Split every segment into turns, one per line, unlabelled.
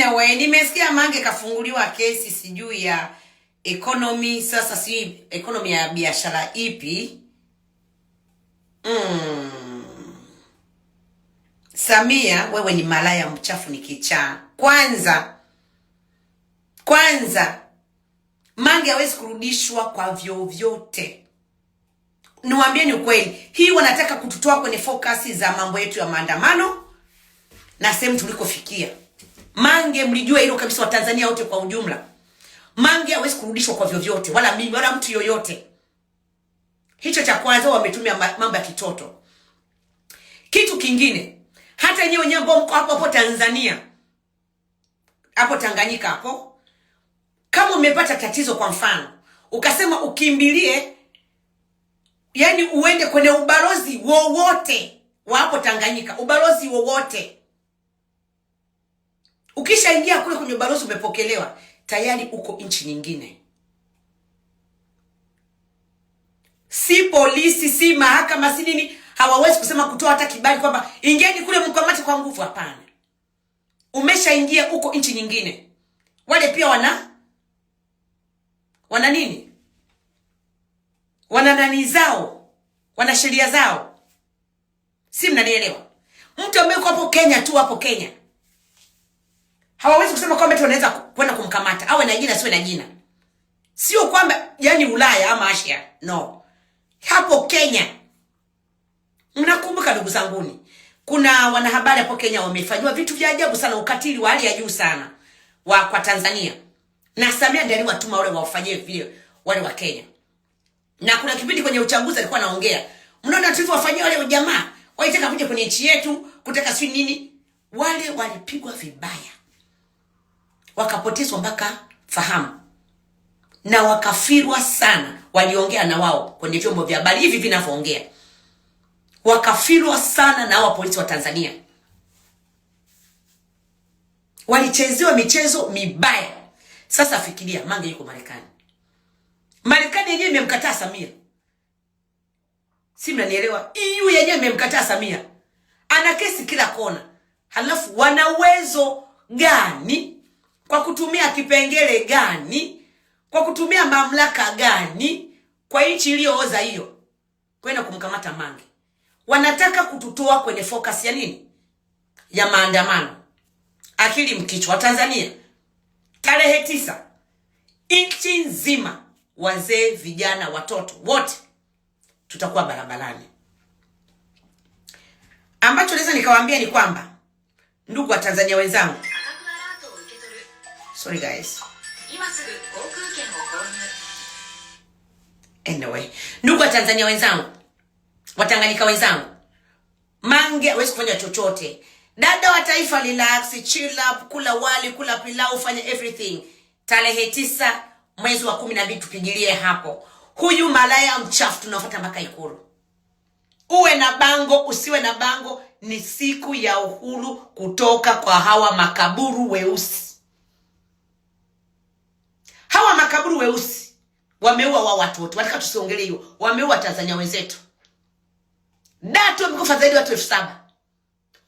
Anyway, nimesikia Mange kafunguliwa kesi sijui ya economy, sasa si economy ya biashara ipi? Mm. Samia, wewe ni malaya mchafu, ni kichaa. Kwanza kwanza, Mange hawezi kurudishwa kwa vyovyote. ni ukweli, hii wanataka kututoa kwenye fokasi za mambo yetu ya maandamano na sehemu tulikofikia. Mange mlijua hilo kabisa, Watanzania wote kwa ujumla. Mange hawezi kurudishwa kwa vyovyote, wala mimi wala mtu yoyote. Hicho cha kwanza, wametumia mambo ya kitoto. Kitu kingine, hata yenyewe wenyewe ambao mko hapo hapo Tanzania, hapo Tanganyika hapo, kama umepata tatizo, kwa mfano ukasema ukimbilie, yani uende kwenye ubalozi wowote wa hapo Tanganyika, ubalozi wowote Ukishaingia kule kwenye ubalozi umepokelewa, tayari uko nchi nyingine. Si polisi, si mahakama, si nini, hawawezi kusema kutoa hata kibali kwamba ingieni kule mkamate kwa nguvu. Hapana, umeshaingia uko nchi nyingine. Wale pia wana wana nini, wana nani zao, wana sheria zao, si mnanielewa? Mtu ambaye yuko hapo Kenya tu hapo Kenya Hawawezi kusema kwamba tu wanaweza kwenda kumkamata awe na jina siwe na jina, sio kwamba yani Ulaya ama Asia, no, hapo Kenya. Mnakumbuka ndugu zanguni, kuna wanahabari hapo Kenya wamefanywa vitu vya ajabu sana, ukatili wa hali ya juu sana wa kwa Tanzania, na Samia ndiye aliwatuma wale wafanyie vile wale wa Kenya. Na kuna kipindi kwenye uchaguzi alikuwa anaongea, mnaona tulivyowafanyia wale jamaa walitaka kuja kwenye nchi yetu kutaka si nini, wale walipigwa vibaya wakapotezwa mpaka fahamu na wakafirwa sana. Waliongea na wao kwenye vyombo vya habari hivi vinavyoongea, wakafirwa sana na wa polisi wa Tanzania, walichezewa michezo mibaya. Sasa fikiria, Mange yuko Marekani, Marekani yenyewe imemkataa Samia, si mnanielewa? EU yenyewe imemkataa Samia, ana kesi kila kona, halafu wana uwezo gani kwa kutumia kipengele gani? Kwa kutumia mamlaka gani? Kwa nchi iliyooza hiyo kwenda kumkamata Mange, wanataka kututoa kwenye focus ya nini? Ya maandamano. Akili mkichwa wa Tanzania, tarehe tisa, nchi nzima, wazee, vijana, watoto wote tutakuwa barabarani. Ambacho naweza nikawaambia ni kwamba, ndugu wa Tanzania wenzangu Sorry guys. Anyway, ndugu wa Tanzania wenzangu, Watanganyika wenzangu, Mange hawezi kufanya chochote. Dada wa taifa, relax, chill up, kula wali, kula pilau, fanya everything. Tarehe tisa mwezi wa kumi na mbili tupigilie hapo. Huyu malaya mchafu tunafuata mpaka Ikulu. Uwe na bango usiwe na bango, ni siku ya uhuru kutoka kwa hawa makaburu weusi. Hawa makaburu weusi wameua wa watoto, wataka tusiongelee hiyo, wameua Tanzania wenzetu. Datu wamekufa zaidi watu elfu saba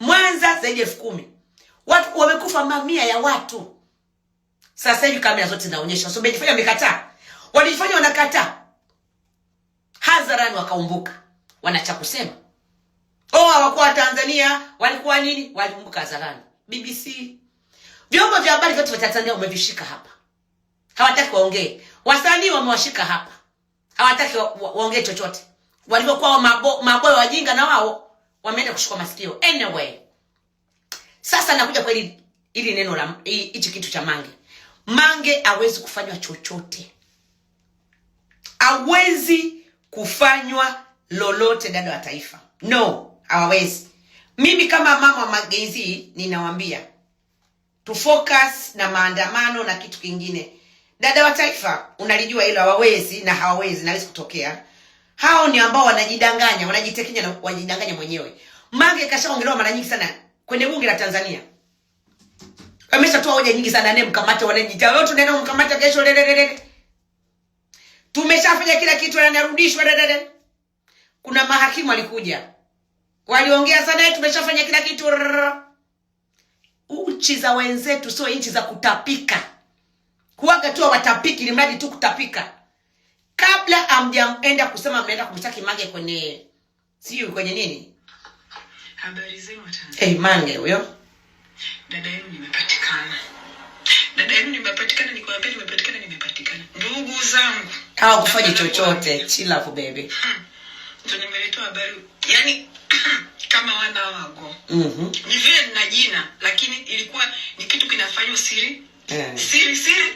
Mwanza zaidi elfu kumi watu wamekufa mamia ya watu. Sasa hivi kamera zote zinaonyesha, so mejifanya wamekataa, walijifanya wanakataa hadharani, wakaumbuka wana cha kusema. Oh, hawakuwa Tanzania, walikuwa nini? walikumbuka hadharani. BBC, vyombo vya habari vyote vya Tanzania umevishika hapa hawataki waongee. Wasanii wamewashika hapa, hawataki waongee chochote. Walivyokuwa maboyo wajinga, na wao wameenda kushikwa masikio. Anyway, sasa nakuja kwa ili neno la hichi kitu cha Mange. Mange hawezi kufanywa chochote, hawezi kufanywa lolote, dada wa taifa, no, hawawezi. Mimi kama mama wa ninawaambia ninawambia focus na maandamano na kitu kingine dada wa taifa unalijua hilo, hawawezi na hawawezi na hawezi kutokea. Hao ni ambao wanajidanganya, wanajitekenya na wanajidanganya mwenyewe. Mange kashaongelewa mara nyingi sana kwenye bunge la Tanzania, Kamesha toa hoja nyingi sana naye mkamata, wanajiita wewe, tunaenda kumkamata kesho, le. tumeshafanya kila kitu, na narudishwa anarudishwa lelelele. Kuna mahakimu alikuja. waliongea sana, eh, tumeshafanya kila kitu. Nchi za wenzetu sio nchi za kutapika kuwaga tu watapiki, ili mradi tu kutapika, kabla amjaenda kusema ameenda kumshtaki Mange kwenye sijui kwenye nini. Habari zenu watanzania. Eh, Hey, Mange huyo
dada yenu nimepatikana, dada yenu nimepatikana, nikwambia nimepatikana, nimepatikana. Ndugu zangu
Hawa kufanya chochote, chill out baby. Ndio
Hmm. Ndio habari yani kama wana wago. Mhm. Mm ni vile nina jina lakini ilikuwa ni kitu kinafanywa siri mm. Eh. siri siri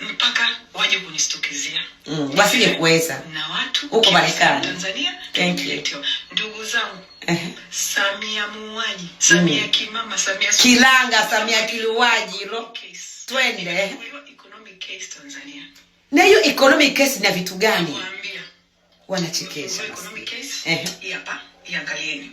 mpaka waje kunistukizia
mm. wasije kuweza na watu huko Marekani, Tanzania. Thank you
ndugu zangu Samia muuaji, Samia mm. kimama, Samia
kilanga, Samia kiluaji lo twende eh.
economic case Tanzania.
Na hiyo economic case na vitu gani? Wanachekesha.
Economic case? Hapa, iangalieni.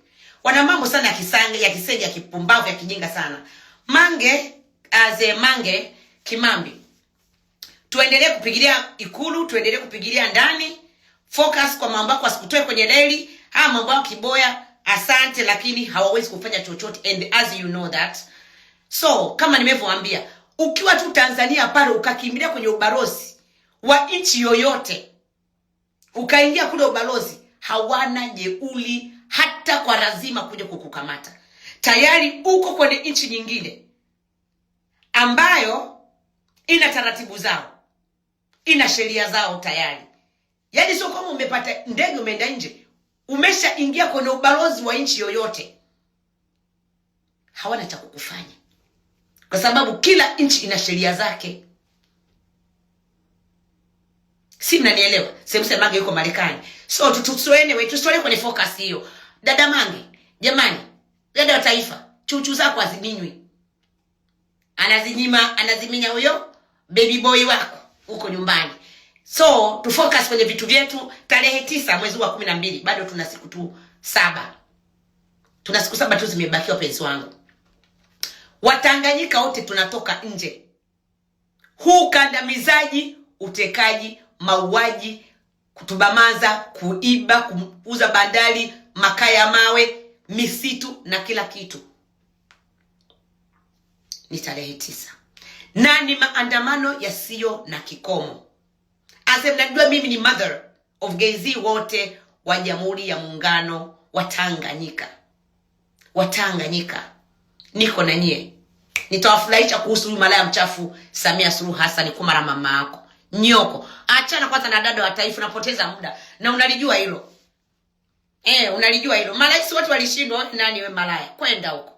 Wana mambo sana ya kisanga, ya kisenge, ya kipumbavu, ya kijinga sana. Mange aze Mange Kimambi, tuendelee kupigilia Ikulu, tuendelee kupigilia ndani, focus kwa mambo yako, asikutoe kwenye deli. Haya mambo yako kiboya, asante, lakini hawawezi kufanya chochote, and as you know that. So kama nimevyoambia, ukiwa tu Tanzania pale ukakimbilia kwenye ubalozi wa nchi yoyote ukaingia kule ubalozi, hawana jeuli hata kwa lazima kuja kukukamata. Tayari uko kwenye nchi nyingine ambayo ina taratibu zao, ina sheria zao tayari. Yaani sio kama umepata ndege umeenda nje, umeshaingia kwenye ubalozi wa nchi yoyote. Hawana cha kukufanya, kwa sababu kila nchi ina sheria zake. Si mnanielewa? Semsemaga yuko Marekani, so tutusuene wetu tusole kwenye focus hiyo. Dada Mange, jamani, dada wa taifa, chuchu zako hazidinywi, anazinyima anaziminya huyo baby boy wako huko nyumbani. So tu focus kwenye vitu vyetu. Tarehe tisa mwezi wa kumi na mbili bado tuna siku tu saba, tuna siku saba tu zimebakiwa, penzi wangu. Watanganyika wote tunatoka nje. Huu kandamizaji utekaji, mauaji, kutubamaza, kuiba, kuuza bandari makaa ya mawe, misitu na kila kitu. Ni tarehe tisa na ni maandamano yasiyo na kikomo. Ase mnajua mimi ni mother of Gen-Z wote wa Jamhuri ya Muungano wa Tanganyika, wa Tanganyika, niko na nyie, nitawafurahisha kuhusu huyu malaya mchafu Samia Suluhu Hassan Kumara, mama yako nyoko. Achana kwanza na dada wa taifa, napoteza muda na unalijua hilo. Eh, unalijua hilo. Marais wote walishindwa, nani wewe malaya? Kwenda huko.